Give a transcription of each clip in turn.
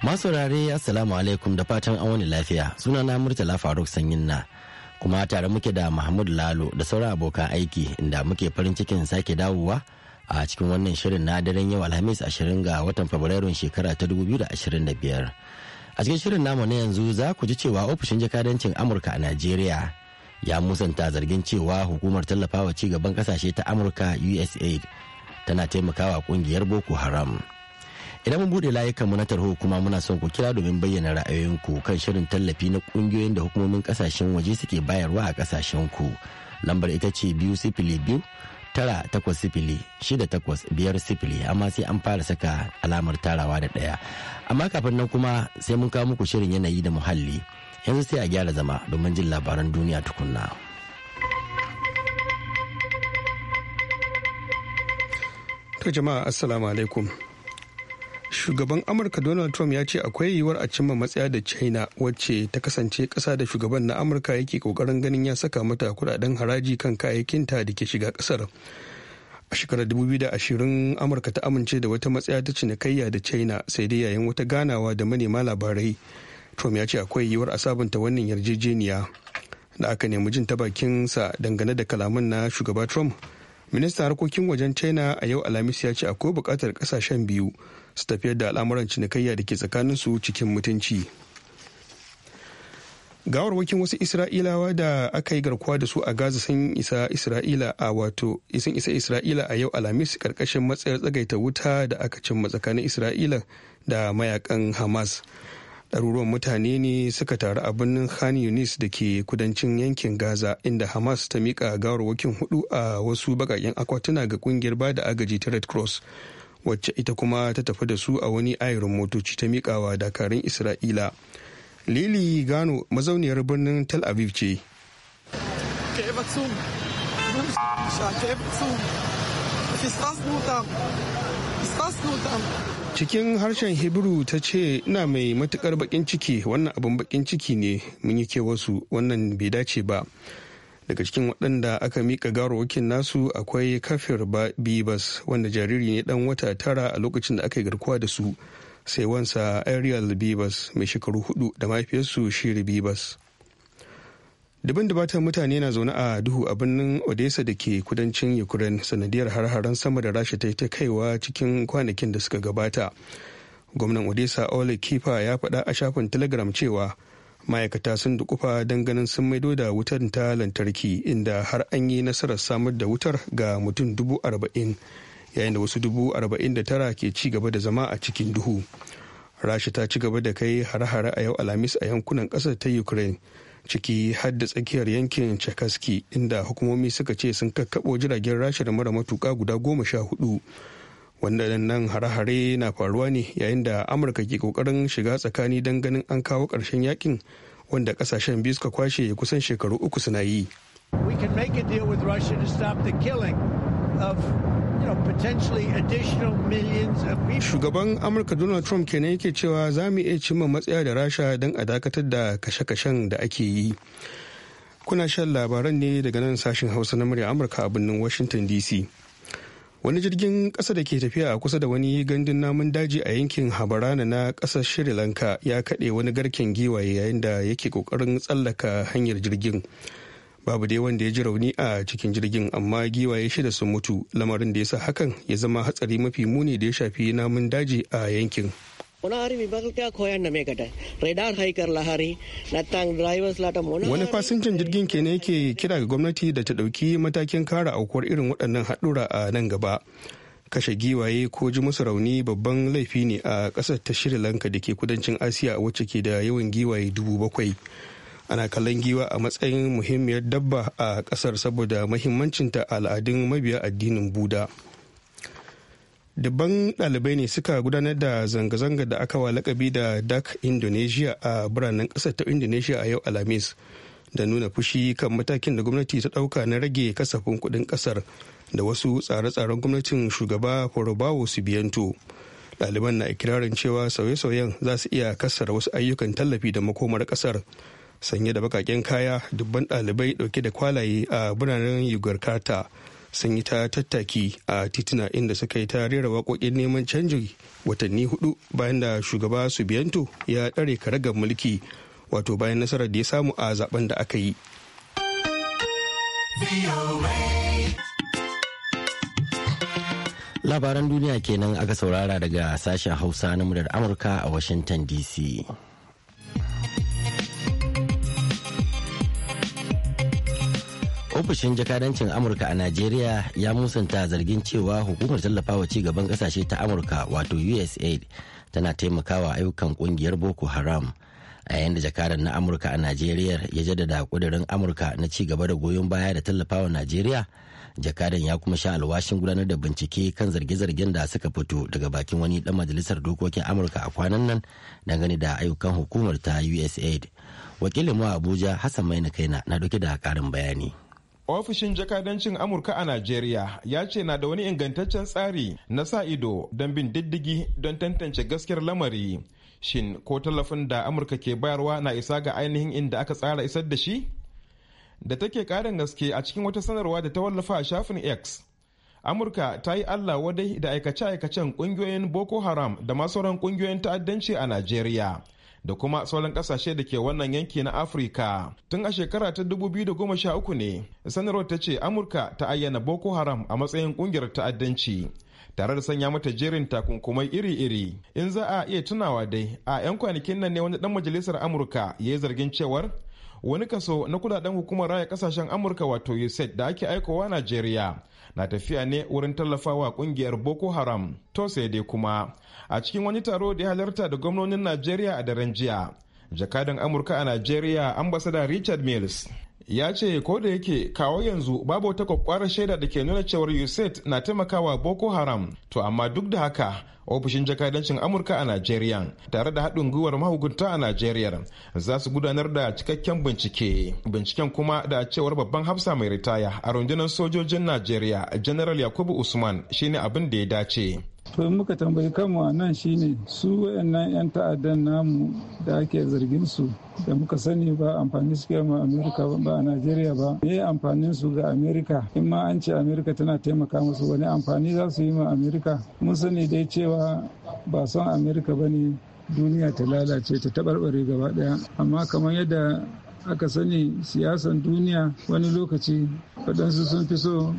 Masu rare Assalamu alaikum da fatan an wani lafiya sunana Murtala Faruk Sanyin na kuma tare muke da Mahmud Lalo da sauran abokan aiki inda muke farin cikin sake dawowa a cikin wannan shirin na daren yau Alhamis 20 ga watan Fabrairun shekara ta 2025. A cikin shirin namu na yanzu za ku ji cewa ofishin jakadancin Amurka a Najeriya ya musanta zargin cewa hukumar tallafawa ci gaban kasashe ta Amurka USA tana taimakawa kungiyar Boko Haram. idan mun buɗe layukanmu na tarho kuma muna son ku kira domin bayyana ra'ayoyinku kan shirin tallafi na kungiyoyin da hukumomin kasashen waje suke bayarwa a kasashen ku lambar ita ce biyu sifili biyu tara takwas sifili shida takwas biyar sifili amma sai an fara saka alamar tarawa da ɗaya amma kafin nan kuma sai mun kawo muku shirin yanayi da muhalli yanzu sai a gyara zama domin jin labaran duniya tukunna. To jama'a assalamu alaikum. shugaban amurka donald trump ya ce akwai yiwuwar a cimma matsaya da china wacce ta kasance kasa da shugaban na amurka yake kokarin ganin ya saka mata kudaden haraji kan kayayyakinta da ke shiga kasar a shekarar 2020 amurka ta amince da wata matsaya ta cinikayya da china sai dai yayin wata ganawa da manema labarai trump ya ce akwai yiwuwar a sabunta wannan yarjejeniya da aka nemi jin ta sa dangane da kalaman na shugaba trump ministan harkokin wajen china a yau alhamis ya ce akwai bukatar kasashen biyu su tafiyar da al'amuran cinikayya da ke tsakanin su cikin mutunci gawarwakin wasu isra'ilawa da aka yi garkuwa da su a gaza sun isa isra'ila a wato sun isa isra'ila a yau alhamis karkashin matsayar tsagaita wuta da aka cimma tsakanin isra'ila da mayakan hamas ɗaruruwan mutane ne suka taru a birnin khan yunis da ke kudancin yankin gaza inda hamas ta miƙa gawarwakin hudu a wasu baƙaƙen akwatuna ga ƙungiyar bada agaji ta red cross wacce ita kuma ta tafi da su a wani ayarin motoci ta miƙawa dakarun isra'ila lili gano mazauniyar birnin tel aviv ce cikin harshen hebrew ta ce ina mai matukar bakin ciki wannan abin bakin ciki ne mun yi ke wasu wannan bai dace ba daga cikin waɗanda aka mika garowakin nasu akwai kafir bibas wanda jariri ne dan wata tara a lokacin da aka yi garkuwa da su sai wansa ariel bibas mai shekaru hudu da mafiyarsu shiri bibas daban mutane na zaune a duhu a birnin odessa da ke kudancin ukraine sanadiyar har-haren sama da rasha ta yi ta kaiwa cikin kwanakin da suka gabata gwamnan odessa ole kifa ya faɗa a shafin telegram cewa ma'aikata sun dukufa don ganin sun maido da wutar ta lantarki inda har an yi nasarar samar da wutar ga mutum dubu arba'in yayin da wasu dubu arba'in da tara ke ci gaba da zama a cikin duhu rasha ta ci gaba da kai hare-hare a yau alhamis a yankunan kasar ta ukraine ciki har da tsakiyar yankin chakaski inda hukumomi suka ce sun kakkaɓo jiragen rasha da mara matuka guda goma sha hudu nan hare-hare na faruwa ne yayin da amurka ke kokarin shiga tsakani don ganin an kawo karshen yakin wanda kasashen biyu suka kwashe kusan shekaru uku suna yi shugaban amurka donald trump kenan yake cewa za mu iya cimma matsaya da rasha don a dakatar da kashe-kashen da ake yi kuna shan labaran ne daga nan sashen hausa na murya amurka a birnin washington dc wani jirgin ƙasa da ke tafiya a kusa da wani gandun namun daji a yankin habarana na ƙasar sri lanka ya kaɗe wani garken giwaye yayin da yake ƙoƙarin tsallaka hanyar jirgin babu dai wanda ya ji rauni a cikin jirgin amma giwaye shida sun mutu lamarin da ya sa hakan ya zama hatsari mafi muni da ya shafi namun daji a yankin. මොනහරි විභාගයක් හොයන්න මේකට රෙඩාර් හයි කරලා හරි නැත්නම් ඩ්‍රයිවර්ස්ලාට මොන fasinjan jirgin ke ne yake kira ga gwamnati da ta ඉරුන් matakin kara aukuwar irin waɗannan haɗura a nan gaba kashe giwaye ko ji musu rauni babban laifi ne a ƙasar ta Sri Lanka da ke kudancin Asiya wacce ke da yawan giwaye dubu bakwai ana kallon giwa a matsayin muhimmiyar dabba a ƙasar saboda mahimmancinta al'adun mabiya addinin Buda. dubban ɗalibai ne suka gudanar da zanga-zanga da aka wa lakabi da dak indonesia a biranen ƙasar ta indonesia a yau alhamis da nuna fushi kan matakin da gwamnati ta ɗauka na rage kasafin kuɗin ƙasar da wasu tsare-tsaren gwamnatin shugaba forobawo biyanto daliban na ikirarin cewa sauye-sauyen za su iya kassara wasu ayyukan tallafi da makomar ƙasar sanye da bakaƙen kaya dubban ɗalibai ɗauke da kwalaye a biranen yugarkata sun yi ta tattaki a titina inda suka yi ta rera waƙoƙin neman canji watanni hudu bayan da shugaba su subiyanto ya ɗare karagar mulki wato bayan nasarar da ya samu a zaben da aka yi labaran duniya kenan aka saurara daga sashen hausa na murar amurka a washington dc ofishin jakadancin amurka a najeriya ya musanta zargin cewa hukumar tallafawa ci gaban kasashe ta amurka wato usaid tana taimakawa ayyukan kungiyar boko haram a yayin da jakadan na amurka a najeriya ya jaddada kudirin amurka na ci gaba da goyon baya da tallafawa najeriya jakadan ya kuma sha alwashin gudanar da bincike kan zarge-zargen da suka fito daga bakin wani dan majalisar dokokin amurka a kwanan nan dangane da ayyukan hukumar ta usaid wakilin mu abuja hassan maina kaina na dauke da karin bayani Ofishin jakadancin Amurka a Najeriya ya ce na da wani ingantaccen tsari na sa ido don bin diddigi don tantance gaskiyar lamari. Shin ko tallafin da Amurka ke bayarwa na isa ga ainihin inda aka tsara isar da shi? Da take karin gaske a cikin wata sanarwa da ta wallafa a shafin X. Amurka ta yi Allah wadai da aikace-aikacen ƙungiyoyin Boko Haram da masu sauran ƙungiyoyin ta'addanci a Najeriya. da kuma sauran kasashe da ke wannan yanki na afirka tun a shekara ta 2013 ne sanarwar ta ce amurka ta ayyana boko haram a matsayin kungiyar ta'addanci tare da sanya mata jerin takunkumai iri-iri in za a iya tunawa dai a 'yan kwanakin nan ne wani dan majalisar amurka ya yi zargin cewar wani kaso na kudaden hukumar raya kasashen amurka wato usaid da ake aikowa najeriya na tafiya ne wurin tallafawa kungiyar boko haram to sai dai kuma a cikin wani taro da ya halarta da gwamnonin najeriya a daren jiya jakadan amurka a najeriya ambasada richard mills ya ce ko da yake kawo yanzu babu wata kwakwara shaida da ke nuna cewar usaid na taimakawa boko haram to amma duk da haka ofishin jakadancin amurka a najeriya tare da haɗin gwiwar mahukunta a najeriya za su gudanar da cikakken bincike binciken kuma da cewar babban hafsa mai ritaya a rundunar sojojin najeriya general yakubu usman shine abin da ya dace to muka tambayi kanmu a nan shine su wayannan 'yan ta'addan namu da ake zargin su da muka sani ba amfani suke ma amerika ba a najeriya ba me amfanin su ga amerika in ma an ce amerika tana taimaka musu wani amfani za su yi ma amerika mun sani dai cewa ba son amerika ba ne duniya ta lalace ta taɓarɓare gaba ɗaya. amma kamar yadda aka sani siyasan duniya wani lokaci waɗansu sun fi so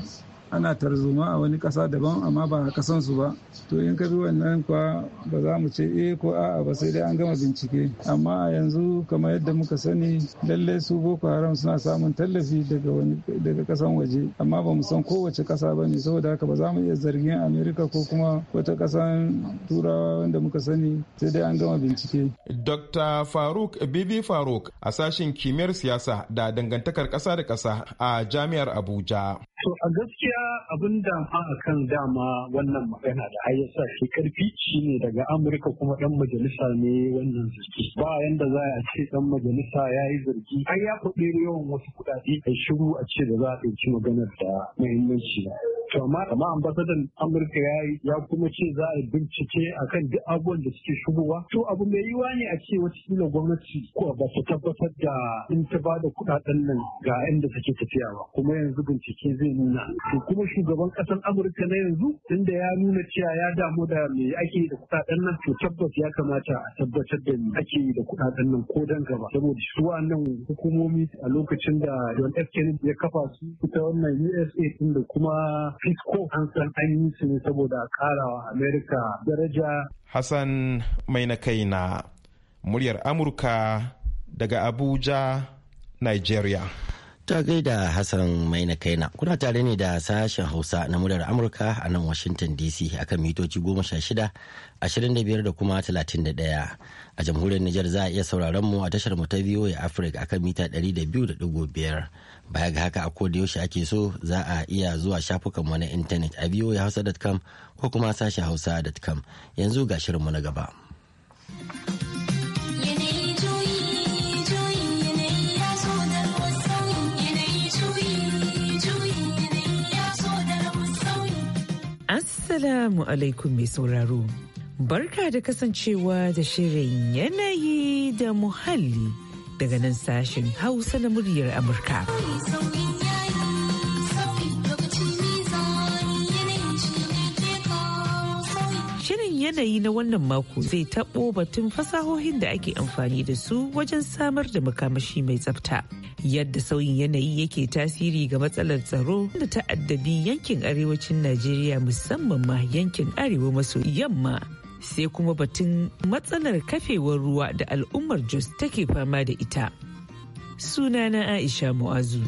ana tarzoma a wani kasa daban amma ba a su ba to in ka bi wannan kwa ba za mu ce eh ko a'a ba sai dai an gama bincike amma a yanzu kamar yadda muka sani lallai su boko haram suna samun tallafi daga wani daga ƙasan waje amma ba mu san kowace kasa ba ne saboda haka ba za mu iya zargin amerika ko kuma wata ƙasan turawa wanda muka sani sai dai an gama bincike. dr faruk bibi faruk a sashen kimiyyar siyasa da dangantakar ƙasa da ƙasa a jami'ar abuja. to a gaskiya gaskiya abin ma a kan dama wannan magana da ya sa shi karfi shine daga amurka kuma dan majalisa ne wannan zargi ba yanda za a ce dan majalisa ya yi zargi ai ya kuɗe yawan wasu kuɗaɗe a shiru a ce da za a ɗauki maganar da muhimmanci ba To amma amma ambasadan Amurka ya yi ya kuma ce za a bincike akan duk abubuwan da suke shigowa. To abu mai yiwa ne a ce watakila gwamnati ko ba su tabbatar da in ta ba da kuɗaɗen nan ga inda take tafiya ba. Kuma yanzu bincike zai nuna. To kuma shugaban ƙasar Amurka na yanzu inda ya nuna cewa ya damu da me ake yi da kuɗaɗen nan to tabbas ya kamata a tabbatar da me ake yi da kuɗaɗen nan ko dan gaba. Saboda su wa'annan hukumomi a lokacin da John F. Kennedy ya kafa su ta wannan USA ɗin da kuma fisco an san an yi su ne saboda karawa amerika daraja hassan mai na kai na muryar amurka daga abuja nigeria ta gaida Hassan Maina Kaina. Kuna tare ne da sashen Hausa na muryar Amurka a nan Washington DC akan mitoci 16, 25 da kuma 31. A jamhuriyar Nijar za a iya sauraron mu a tashar mu ta VOA Africa akan mita 200.5. Baya ga haka a koda yaushe ake so za a iya zuwa shafukan mu na intanet a voahausa.com ko kuma sashen hausa.com. Yanzu ga shirinmu na gaba. Assalamu alaikum mai sauraro. Barka da kasancewa da shirin yanayi da muhalli daga nan sashen Hausa na muryar Amurka. yanayi na wannan mako zai taɓo batun fasahohin da ake amfani da su wajen samar da makamashi mai tsafta. Yadda sauyin yanayi yake tasiri ga matsalar tsaro da ta'addabi yankin arewacin Najeriya musamman ma yankin arewa maso yamma. Sai kuma batun matsalar kafewar ruwa da al'ummar Jos take fama da ita. Sunana Aisha Mu'azu.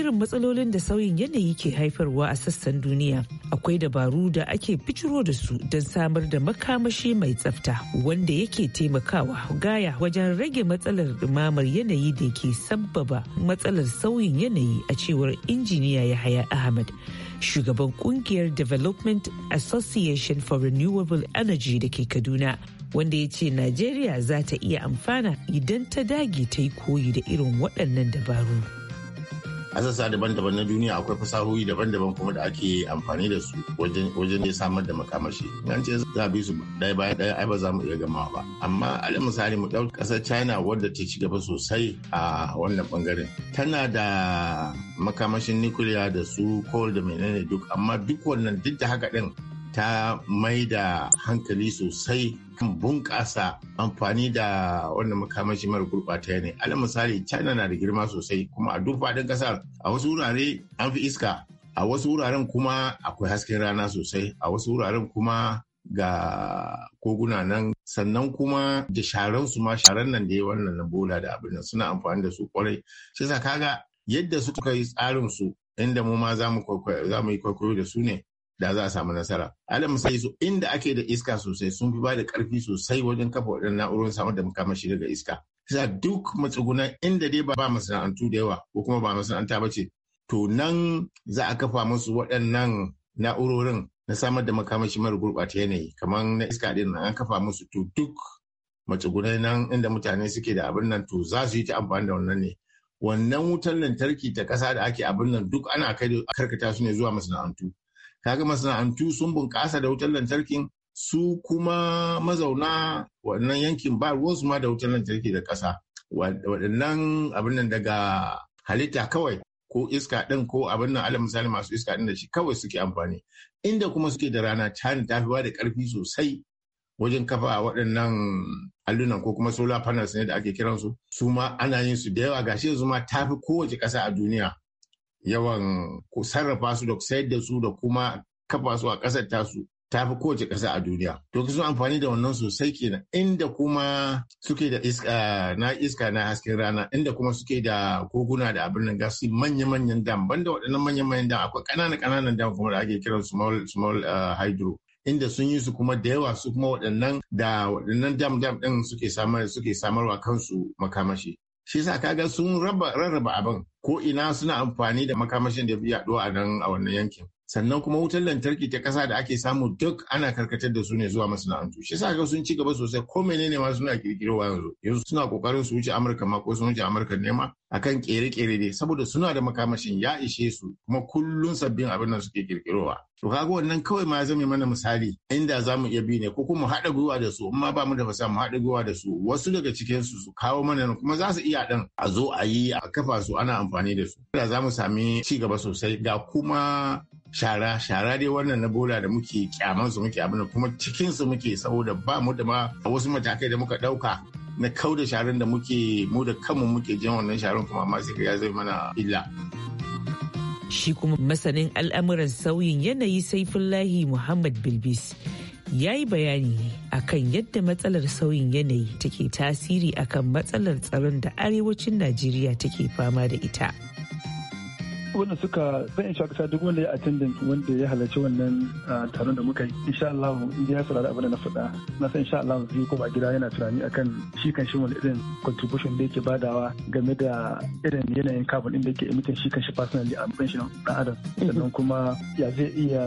irin matsalolin da sauyin yanayi ke haifarwa a sassan duniya akwai dabaru da ake fitiro da su don samar da makamashi mai tsafta wanda yake taimakawa gaya wajen rage matsalar dumamar yanayi da ke sabbaba matsalar sauyin yanayi a cewar injiniya yahaya ahmad shugaban kungiyar development association for renewable energy da ke kaduna wanda ya ce najeriya za ta iya amfana idan ta dage ta yi koyi da irin waɗannan dabaru. a sassa daban-daban na duniya akwai fasahohi daban-daban kuma da ake amfani da su wajen ne samar da makamashi an ce za bi su ɗaya bayan ɗaya ai ba za mu iya gamawa ba amma alal misali mu ɗau ƙasar china wadda ta ci gaba sosai a wannan ɓangaren tana da makamashin nukiliya da su coal da menene duk amma duk wannan duk da haka ɗin ta mai da hankali sosai kan bunƙasa amfani da wannan makamashi mara gurɓata ne. alal misali china na da girma sosai kuma a duk faɗin ƙasar a wasu wurare an fi iska a wasu wuraren kuma akwai hasken rana sosai a wasu wuraren kuma ga koguna nan sannan kuma da sharan su ma sharan nan da wannan na bola da abin nan suna amfani da su kwarai shi kaga yadda suka yi tsarin su inda mu ma za mu yi kwaikwayo da su ne da za a samu nasara. Alal sai su inda ake da iska sosai sun fi ba da ƙarfi sosai wajen kafa waɗannan na'urorin samar da makamashi daga iska. Sa duk matsugunan inda dai ba masana'antu da yawa ko kuma ba masana'anta ba ce. To nan za a kafa musu waɗannan na'urorin na samar da makamashi mara gurɓata yanayi kamar na iska ɗin nan an kafa musu to duk matsugunan nan inda mutane suke da abin nan to za su yi ta amfani da wannan ne. Wannan wutar lantarki ta ƙasa da ake abin nan duk ana karkata su ne zuwa masana'antu. ga masana'antu sun bunƙasa da wutar lantarkin su kuma mazauna wannan yankin ba su ma da wutar lantarki da ƙasa waɗannan abin nan daga halitta kawai ko iska ɗin ko abin nan alal misali masu iska ɗin da shi kawai suke amfani inda kuma suke da rana cani ta fi da ƙarfi sosai wajen kafa waɗannan allunan ko kuma solar panels ne da ake kiransu su ma ana yin su da yawa gashi yanzu ma ta fi kowace ƙasa a duniya yawan sarrafa su da sayar da su da kuma kafa su a ƙasar tasu ta fi kowace ƙasa a duniya. To sun amfani da wannan sosai kenan inda kuma suke da iska na iska na hasken rana inda kuma suke da koguna da abin nan gasi manya-manyan dam banda waɗannan manya-manyan dam akwai ƙananan-ƙananan dam kuma da ake kiran small small eh, hydro inda sun yi su kuma da yawa su kuma waɗannan da waɗannan dam dam ɗin suke samarwa kansu makamashi. Shi sa kaga sun rarraba abin ko ina suna amfani da makamashin da ya yaduwa a nan a wannan yankin. sannan kuma wutar lantarki ta kasa da ake samu duk ana karkatar da su ne zuwa masana'antu shi yasa ga sun ci gaba sosai ko menene ma suna kirkirowa yanzu yanzu suna kokarin su wuce amurka ma ko sun wuce amurka ne ma akan kere-kere ne saboda suna da makamashin ya ishe su kuma kullun sabbin abin nan suke kirkirowa to kaga wannan kawai ma zame mana misali inda za mu iya bi ne ko kuma mu haɗa gwiwa da su amma ba mu da fasa mu haɗa gwiwa da su wasu daga cikin su su kawo mana kuma za su iya ɗan a zo a yi a kafa su ana amfani da su da za mu sami ci gaba sosai ga kuma shara shara dai wannan na bola da muke kyaman su muke abin kuma cikin su muke saboda ba mu da ma wasu matakai da muka dauka na kau da sharan da muke mu da kanmu muke jin wannan sharan kuma amma sai ya zai mana illa shi kuma masanin al'amuran sauyin yanayi saifullahi muhammad bilbis ya yi bayani akan yadda matsalar sauyin yanayi take tasiri akan matsalar tsaron da arewacin najeriya take fama da ita wanda suka zan in shaka duk wanda ya attendant wanda ya halarci wannan taron da muka yi insha Allah in ya saurari abin da na faɗa na san insha Allah zai koma gida yana tunani akan shi kan shi wani irin contribution da yake badawa game da irin yanayin carbon din da yake emitting shi kan shi personally a matsayin shi na adam sannan kuma ya zai iya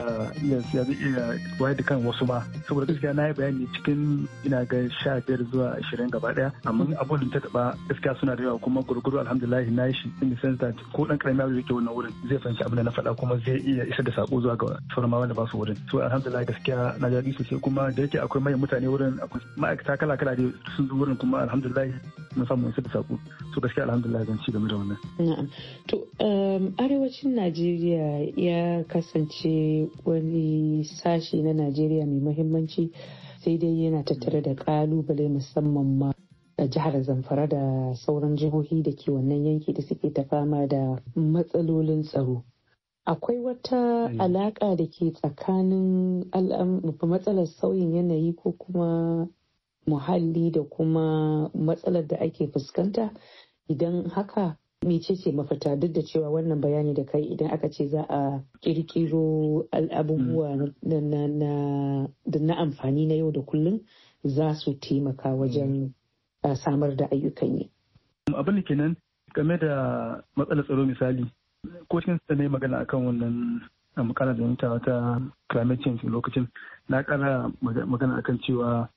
ya zai iya wayar da kan wasu ma saboda gaskiya na yi bayani cikin ina ga sha biyar zuwa ashirin gaba daya amma abun da ta taɓa gaskiya suna da yawa kuma gurguru alhamdulillah na yi shi in the sense that ko ɗan ƙaramin abu yake wannan wurin zai fahimci abin da na faɗa kuma zai iya isar da sako zuwa ga sauran ma wanda ba su wurin to alhamdulillah gaskiya na ji sosai kuma da yake akwai mai mutane wurin akwai ma'aikata kala kala da sun zo wurin kuma alhamdulillah mun samu isar da sako so gaskiya alhamdulillah zan ci game da wannan na'am to um, arewacin Najeriya ya kasance wani sashi na Najeriya mai muhimmanci sai dai yana tattare da kalubale musamman ma a jihar Zamfara da sauran jihohi da ke wannan yanki da suke ta fama da matsalolin tsaro. Akwai wata hmm. alaƙa da ke tsakanin matsalar sauyin yanayi ko kuma muhalli da kuma matsalar da ake fuskanta idan haka mecece mafita duk da cewa wannan bayani da kai idan aka ce za a kirkiro abubuwa hmm. da na amfani na yau da kullum za su taimaka wajen samar da ayyukan yi. Abin da kenan game da matsalar tsaro misali ko cikin su ne magana akan wannan mukalar da ta ta climate change lokacin na kara magana akan cewa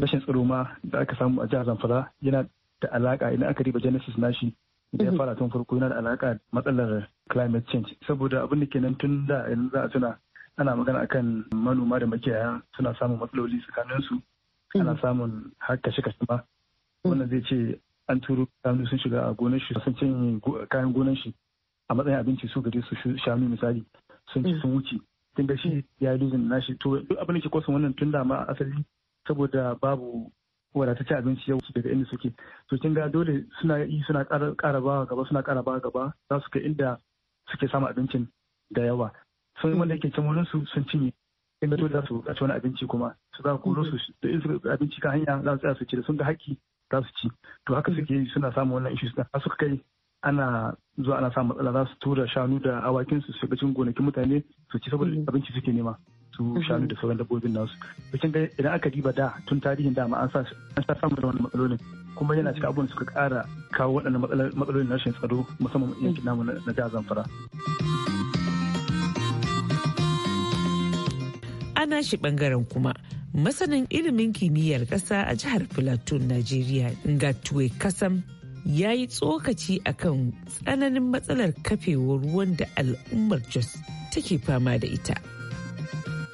rashin tsaro ma da aka samu a jihar Zamfara yana da alaka idan aka riba genesis nashi da ya mhm. fara tun farko yana da alaka matsalar climate change saboda abin da kenan tun da yanzu za a tuna ana magana akan manoma da makiyaya suna samun matsaloli tsakanin su ana mhm. samun har kashe kashe ma wannan zai ce an turo shanu sun shiga a gonar shi sun cin kayan gonar shi a matsayin abinci su gari su shanu misali sun ci mm. sun wuce tun da shi ya yi na nashi to duk abin da ke kwasan wannan tun da ma asali saboda babu wadatacce abinci yau daga inda suke to kin ga dole suna yi suna kara ba gaba suna kara ba gaba za su kai inda suke samun abincin da yawa sun wanda yake can wurin su sun cinye inda dole za su buƙaci wani abinci kuma su za ku su da in abinci ka hanya za su tsaya su ci da sun ga haƙƙi za su ci to haka mm. suke suna samun wannan ishi suna suka kai ana zuwa ana samun matsala za su tura shanu da awakin su su cikin gonakin mutane su ci saboda mm. abinci suke nema su mm-hmm. shanu da sauran dabbobin nasu bikin ga idan aka diba da tun tarihin dama an sa samun da wannan matsalolin kuma yana cikin abubuwan suka kara kawo waɗannan matsalolin na rashin tsaro musamman yankin namu na jihar zamfara. ana shi bangaren kuma masanin ilimin kimiyyar ƙasa a jihar plateau najeriya ngatwe kasam ya yi tsokaci kan tsananin matsalar kafewar ruwan da al'ummar jos take fama da ita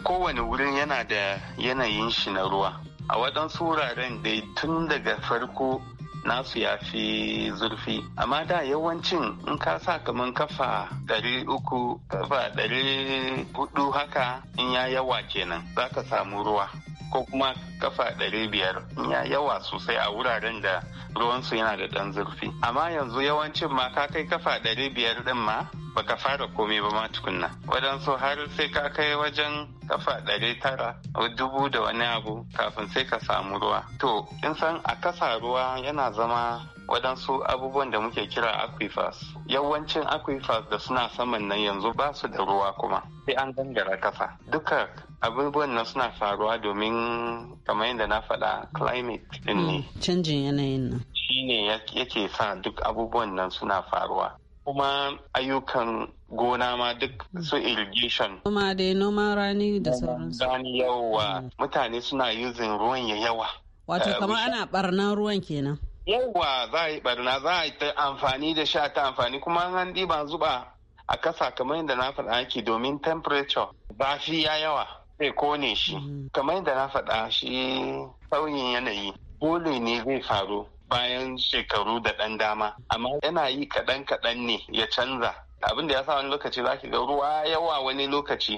kowane wurin yana da yanayin shi na ruwa a waɗansu wuraren dai tun daga farko nasu ya fi zurfi amma da yawancin in ka sa kamar kafa ɗari uku kafa ɗari hudu haka in ya yawa kenan za ka samu ruwa ko kuma kafa ɗari biyar ya yawa sosai a wuraren da ruwansu yana da ɗan zurfi amma yanzu yawancin ma ka kai kafa ɗari biyar ɗin ma baka fara komai ba ma tukunna waɗansu har sai ka kai wajen kafa ɗari tara dubu da wani abu kafin sai ka samu ruwa to in san a kasa ruwa yana zama wadansu abubuwan da muke kira aquifers yawancin aquifers da suna saman nan yanzu ba su da ruwa kuma sai an gangara kasa duka abubuwan nan suna faruwa domin kamar yadda na faɗa climate din ne hmm, canjin yanayin nan ne yake sa duk abubuwan nan suna faruwa kuma ayyukan gona ma duk su irrigation. Kuma dai noman rani da sauransu. Rani yawa mutane suna yuzin ruwan ya yawa. Wato eh, kamar ana barnan ruwan kenan. Yawa za a yi barna za a yi ta amfani da sha ta amfani kuma an ba zuba a kasa kamar yadda na faɗa ake domin temperature zafi ya yawa zai kone shi. Mm. Kamar yadda na faɗa shi sauyin yanayi dole ne zai faru. bayan shekaru da ɗan dama amma yana yi kaɗan kaɗan ne ya canza abin da ya sa wani lokaci za ki ga ruwa yawa wani lokaci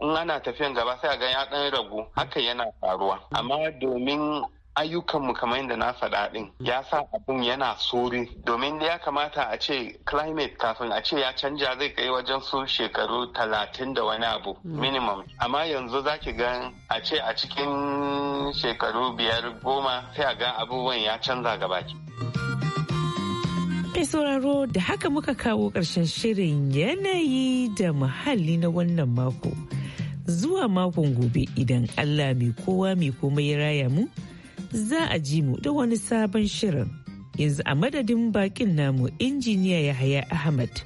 in ana tafiyan gaba sai a ga ya ɗan ragu haka yana faruwa amma domin ayyukanmu kamar yadda na faɗa ɗin ya sa abun yana sori domin ya kamata a ce climate kafin a ce ya canja zai kai wajen su shekaru talatin da wani abu mm. minimum amma yanzu za ki gan a ce a cikin shekaru biyar goma sai a ga abubuwan ya canza gabaki. Kai sauraro da haka muka kawo ƙarshen shirin yanayi da muhalli na wannan mako. Zuwa makon gobe idan Allah mai kowa mai komai ya raya mu za a ji mu da wani sabon shirin. Yanzu a madadin bakin namu injiniya Yahaya Ahmad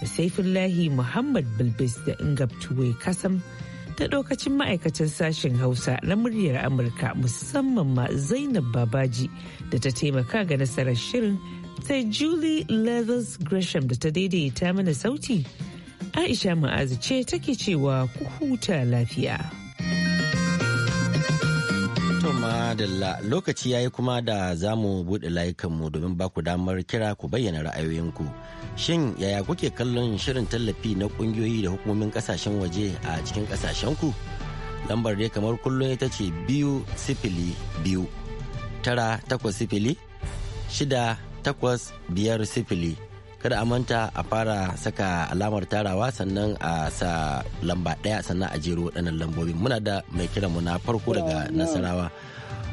da Saifullahi Muhammad Bilbis da Ingab Tuwe Kasam ta ɗaukacin ma'aikacin sashen Hausa na muryar Amurka musamman ma Zainab Babaji da ta taimaka ga nasarar shirin sai Julie Leathers Gresham da ta daidaita mana sauti. Aisha Ma'azu ce take cewa ku huta lafiya. da lokaci ya yi kuma da za mu buɗe layukanmu domin ba ku damar kira ku bayyana ra'ayoyinku. Shin yaya kuke kallon shirin tallafi na ƙungiyoyi da hukumomin ƙasashen waje a cikin ƙasashenku? Lambar dai kamar kullum ita ce biyu sifili biyu tara takwas sifili shida takwas biyar sifili kada a manta a fara saka alamar tarawa sannan a sa lamba ɗaya sannan a jero waɗannan lambobi muna da mai kira mu na farko daga nasarawa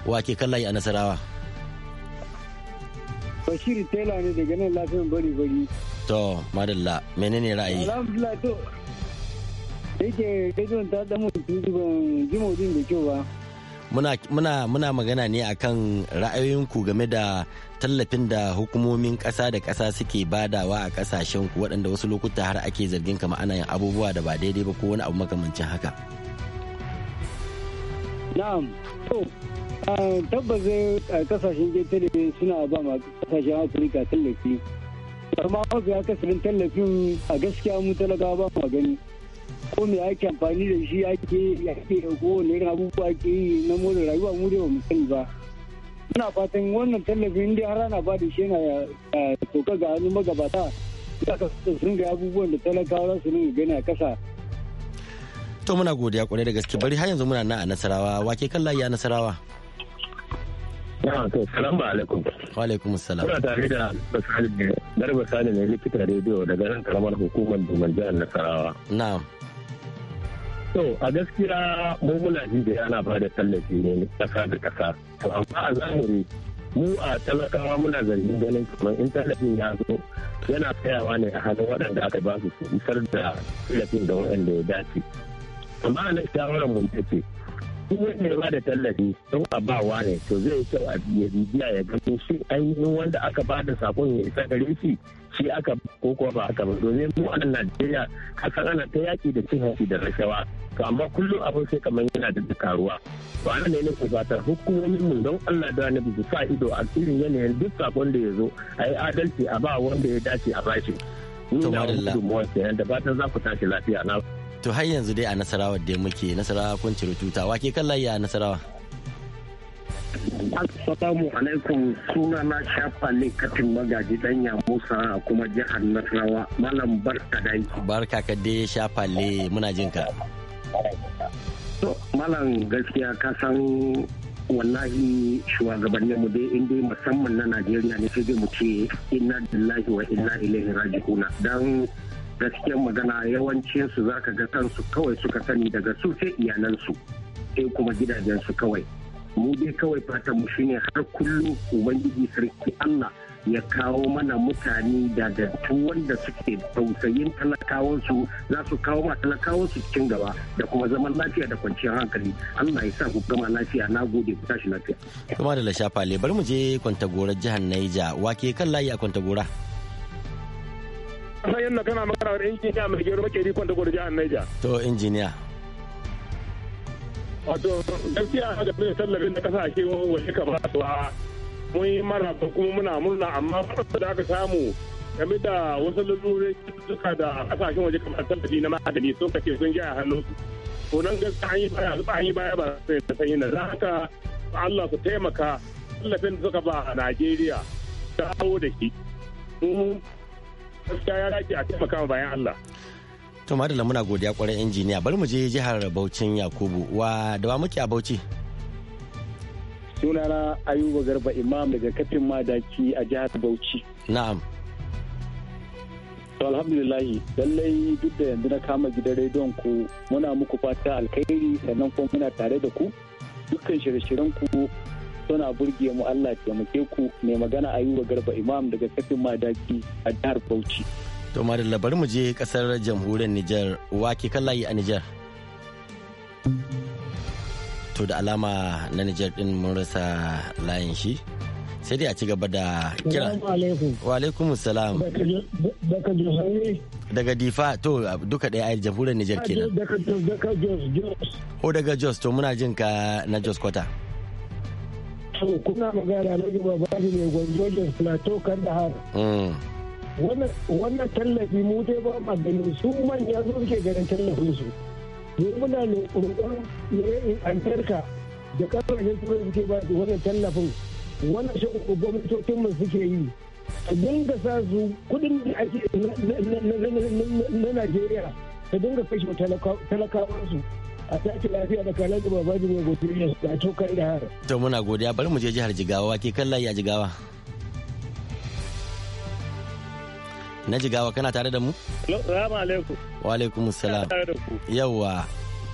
wa ke kallaye a nasarawa bashir taylor ne daga nan lafiyan bari bari to madalla menene ra'ayi muna muna muna magana ne akan ra'ayoyinku game da tallafin da hukumomin ƙasa da ƙasa suke badawa a ƙasashen ku waɗanda wasu lokuta har ake zargin kama ana yin abubuwa da ba daidai ba ko wani abu makamancin haka. Na'am, to tabbas kasashen ƙetare suna ba ma kasashen Afirka tallafi. Amma ya akasarin tallafin a gaskiya mu talaka ba ma gani. ko me ake amfani da shi ake ke ko wani abubuwa ake yi na more rayuwa mu da ba mu sani ba Ina fatan wannan tallafin da har ana ba da shi na eh, tokar ga hannun magabata za ka sun ga abubuwan da talakawa za su nuna gani a kasa. To muna godiya kwarai da gaske bari har yanzu muna nan a Nasarawa wake kan layi a Nasarawa. Salamu alaikum. Wa alaikum salam. Kuna tare da Garba Sani ne likita rediyo daga nan karamar hukumar Duman jihar Nasarawa. Na'am. To a gaskiya mu muna ji da ana ba da tallafi ne kasa da kasa. To amma a zamani mu a talakawa muna zargin ganin kamar in tallafin ya zo yana tsayawa ne a hannun waɗanda aka ba su su isar da tallafin da waɗanda ya dace. Amma a nan shawarar mu ta ce duk wanda ya ba da tallafi don a ba wa ne to zai kyau a biya ya gani shi ainihin wanda aka ba da sakon ya isa gare shi shi aka ko kuwa ba aka ba domin mu a Najeriya kasan ana ta yaki da cin hanci da rashawa to amma kullum abin sai kamar yana da karuwa to ana ne nake fatar hukumomin mu don Allah da na su sa ido a irin yanayin duk sakon da ya zo a yi adalci a ba wanda ya dace a bashi ni na gudunmuwar da fatan za ku tashi lafiya na to har yanzu dai a nasarawa da muke nasarawa kun ciri cuta wake kan layi a nasarawa Assalamu alaikum suna na shafa ne katin magaji dan Musa kuma jihar Nasarawa malam barka dai. Barka ka dai shafa le muna jin ka. malam gaskiya ka san wallahi shugabannin mu dai inda musamman na Najeriya ne sai mu ce inna lillahi wa inna ilaihi raji'un dan gaskiyar magana yawancin su zaka ga kansu kawai suka sani daga su sai iyalansu sai kuma gidajensu kawai. mu dai kawai fata mu shine har kullum ubangiji sarki Allah ya kawo mana mutane da dattu wanda suke tausayin talakawansu za su kawo ma talakawansu cikin gaba da kuma zaman lafiya da kwanciyar hankali Allah ya sa ku gama lafiya na gode ku tashi lafiya kuma da lashafa le bari mu je kwantagora jihar Naija wake kan layi a kwantagora sai yana kana magana da injiniya mai gero makeri gora jihar Naija to injiniya wato gaskiya da bin tallafin na kasashe waje kamar su mun yi ko kuma muna murna amma farko da aka samu game da wasu lalurai cututtuka da kasashen waje kamar tallafi na magani sun kace sun ja hannu to nan gaskiya an yi baya ba an yi baya ba sai da sanyi na haka Allah su taimaka tallafin da suka ba a Najeriya dawo da shi gaskiya ya dace a taimaka bayan Allah To madalla muna godiya kwarai injiniya bari mu je jihar Bauchin Yakubu wa da ba muke a Bauchi. Sunana Ayuba Garba Imam daga Katin Madaki a jihar Bauchi. Na'am. To alhamdulillah lallai duk da yanzu na kama gidan rediyon ku muna muku fata alkhairi sannan kuma muna tare da ku dukkan shirye-shiryen ku suna burge mu Allah taimake ku mai magana Ayuba Garba Imam daga Katin Madaki a jihar Bauchi. To da bari mu je kasar jamhuriyar Nijar wake layi a Nijar. To da alama na Nijar din mun rasa layin shi. Sai dai a ci gaba da kira. Wa alaikum salam. Daga Jos Daga Difa to duka ɗaya a jamhuriyar Nijar kenan. Daga Jos O daga Jos to muna jin ka na Jos Kwata. To kuna magana na gaba ba ne Gwanzo Jos Plateau Kandahar. har. Mm. wannan tallafi mu dai ba ma ganin su manya su suke ganin tallafin su ne muna roƙon in antarka da ƙasashen turai suke ba su wannan tallafin wannan shi gwamnatocin mu suke yi a dinga sa su kuɗin da ake na najeriya ta dinga kashe su a tashi lafiya da kalan da babaji mai gobe da tokan da har. to muna godiya bari mu je jihar jigawa ke kan ya jigawa. na jigawa kana tare da mu? Salamu alaikum. Wa alaikum salam. Yawwa,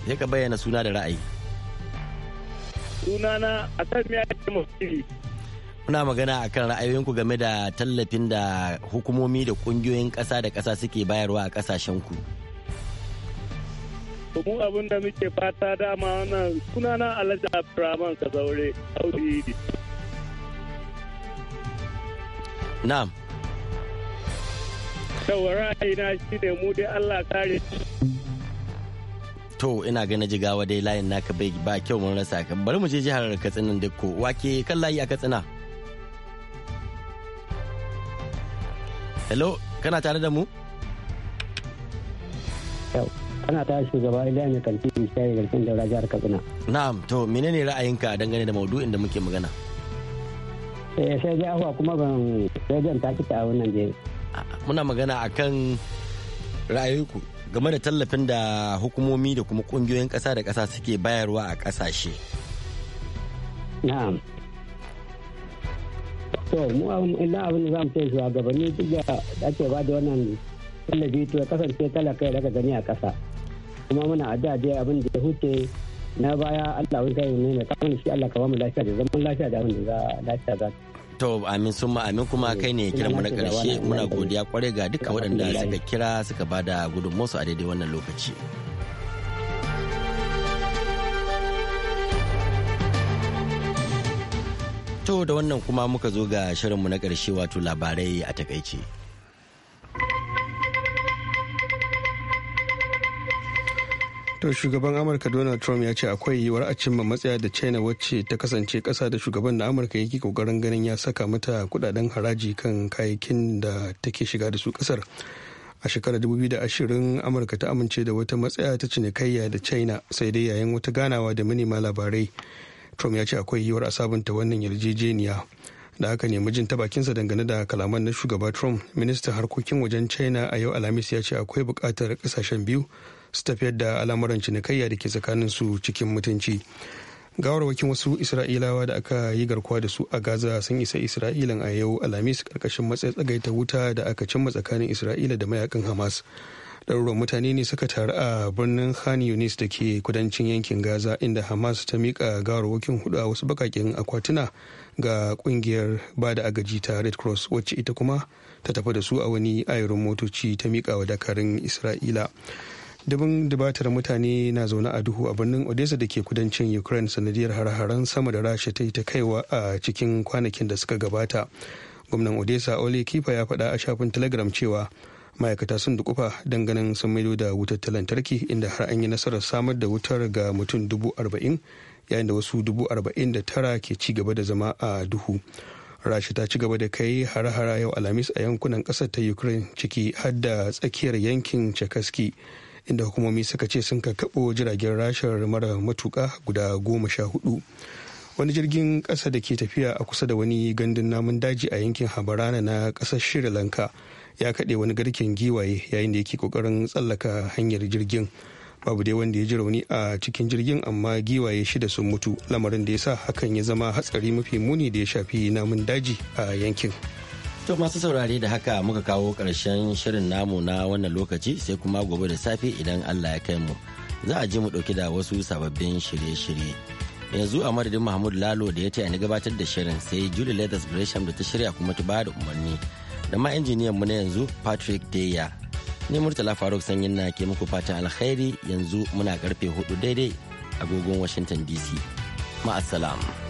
ya ka bayyana suna da ra'ayi. Sunana a kan miya ake mafiri. Muna magana a kan ra'ayoyinku game da tallafin da hukumomi da kungiyoyin ƙasa da ƙasa suke bayarwa a ƙasashenku. Mu abin da muke fata dama wannan sunana Alhaji Abdulrahman Kazaure, Audi Na'am. ra'ayina shi ne mu dai Allah kare. To ina gana jigawa dai layin naka bai ba kyau mun rasa ka bari mu je jihar Katsina dukko wake kan layi a Katsina. Hello kana tare da mu? Yau kana ta shugaba Iliya ne kan TV sai garkin daura jihar Katsina. Na'am to menene ra'ayinka dangane da maudu'in da muke magana? Eh sai dai ahuwa kuma ban rajanta kita a wannan jere. muna magana a kan ra'ayinku game da tallafin da hukumomi da kuma kungiyoyin kasa da ƙasa suke bayarwa a kasashe Na'am. To, mu abin da za mu ce shugabanni duk da ake ba da wannan tallafi to kasance talaka ya daga gani a kasa Kuma muna addu'a dai abin da ya huce na baya Allah wani kai ne mai kamar shi Allah ka mu lafiya da zaman lafiya da abin da za lafiya za ta. to amin sun amin kuma eh, kai ne kiran mu na karshe muna godiya kwarai ga duka waɗanda suka kira suka ba bada gudunmuwarsu a daidai wannan lokaci. To da wannan kuma muka zo ga shirinmu na karshe wato labarai a takaice. To shugaban Amurka Donald Trump ya ce akwai yiwuwar a cimma matsaya da China wacce ta kasance kasa da shugaban da Amurka yake kokarin ganin ya saka mata kudaden haraji kan kayayyakin da take shiga da su kasar A shekarar 2020 Amurka ta amince da wata matsaya ta cinikayya da China sai dai yayin wata ganawa da manema labarai. Trump ya ce akwai yiwuwar a sabunta wannan yarjejeniya. da haka ne mijin ta bakinsa dangane da kalaman na shugaba Trump, ministan harkokin wajen China a yau Alhamis ya ce akwai bukatar kasashen biyu su tafiyar da al'amuran cinikayya da ke tsakanin su cikin mutunci gawarwakin wasu isra'ilawa da aka yi garkuwa da su a gaza sun isa isra'ilan a yau alhamis karkashin matsayin tsagaita wuta da aka cimma tsakanin isra'ila da mayakan hamas ɗaruruwan mutane ne suka taru a birnin khan yunis da ke kudancin yankin gaza inda hamas ta miƙa gawarwakin hudu a wasu bakakin akwatuna ga kungiyar ba da agaji ta red cross wacce ita kuma ta tafi da su a wani ayarin motoci ta miƙa wa dakarun isra'ila dubin dubatar mutane na zaune a duhu a birnin odessa da ke kudancin ukraine sanadiyar har sama da rasha ta yi ta kaiwa a cikin kwanakin da suka gabata gwamnan odessa ole kifa ya faɗa a shafin telegram cewa ma'aikata sun dukufa ganin sun maido da wutar lantarki inda har an yi nasarar samar da wutar ga mutum dubu arba'in yayin da wasu dubu arba'in da tara ke ci gaba da zama a duhu rasha ta ci gaba da kai hare-hare yau alhamis a yankunan ƙasar ta ukraine ciki har da tsakiyar yankin chakaski inda hukumomi suka ce sun kakkaɓo jiragen rashar mara matuka guda goma sha hudu wani jirgin ƙasa da ke tafiya a kusa da wani gandun namun daji a yankin habarana na ƙasar shirin lanka ya kaɗe wani garken giwaye yayin da yake ƙoƙarin tsallaka hanyar jirgin babu dai wanda ya ji rauni a cikin jirgin amma giwaye shida sun mutu lamarin da ya sa hakan ya zama hatsari mafi muni da ya shafi namun daji a yankin. To masu saurari da haka muka kawo ƙarshen shirin namu na wannan lokaci sai kuma gobe da safe idan Allah ya kai mu. Za a ji mu ɗauki da wasu sababbin shirye-shirye. Yanzu a madadin Mahmud Lalo da ya ce ni gabatar da shirin sai Julie Leathers Gresham da ta shirya kuma ta bada umarni. Da ma injiniyan mu na yanzu Patrick Deya. Ni Murtala Faruk Sanyin na ke muku fatan alkhairi yanzu muna karfe hudu daidai agogon Washington DC. Ma'assalam.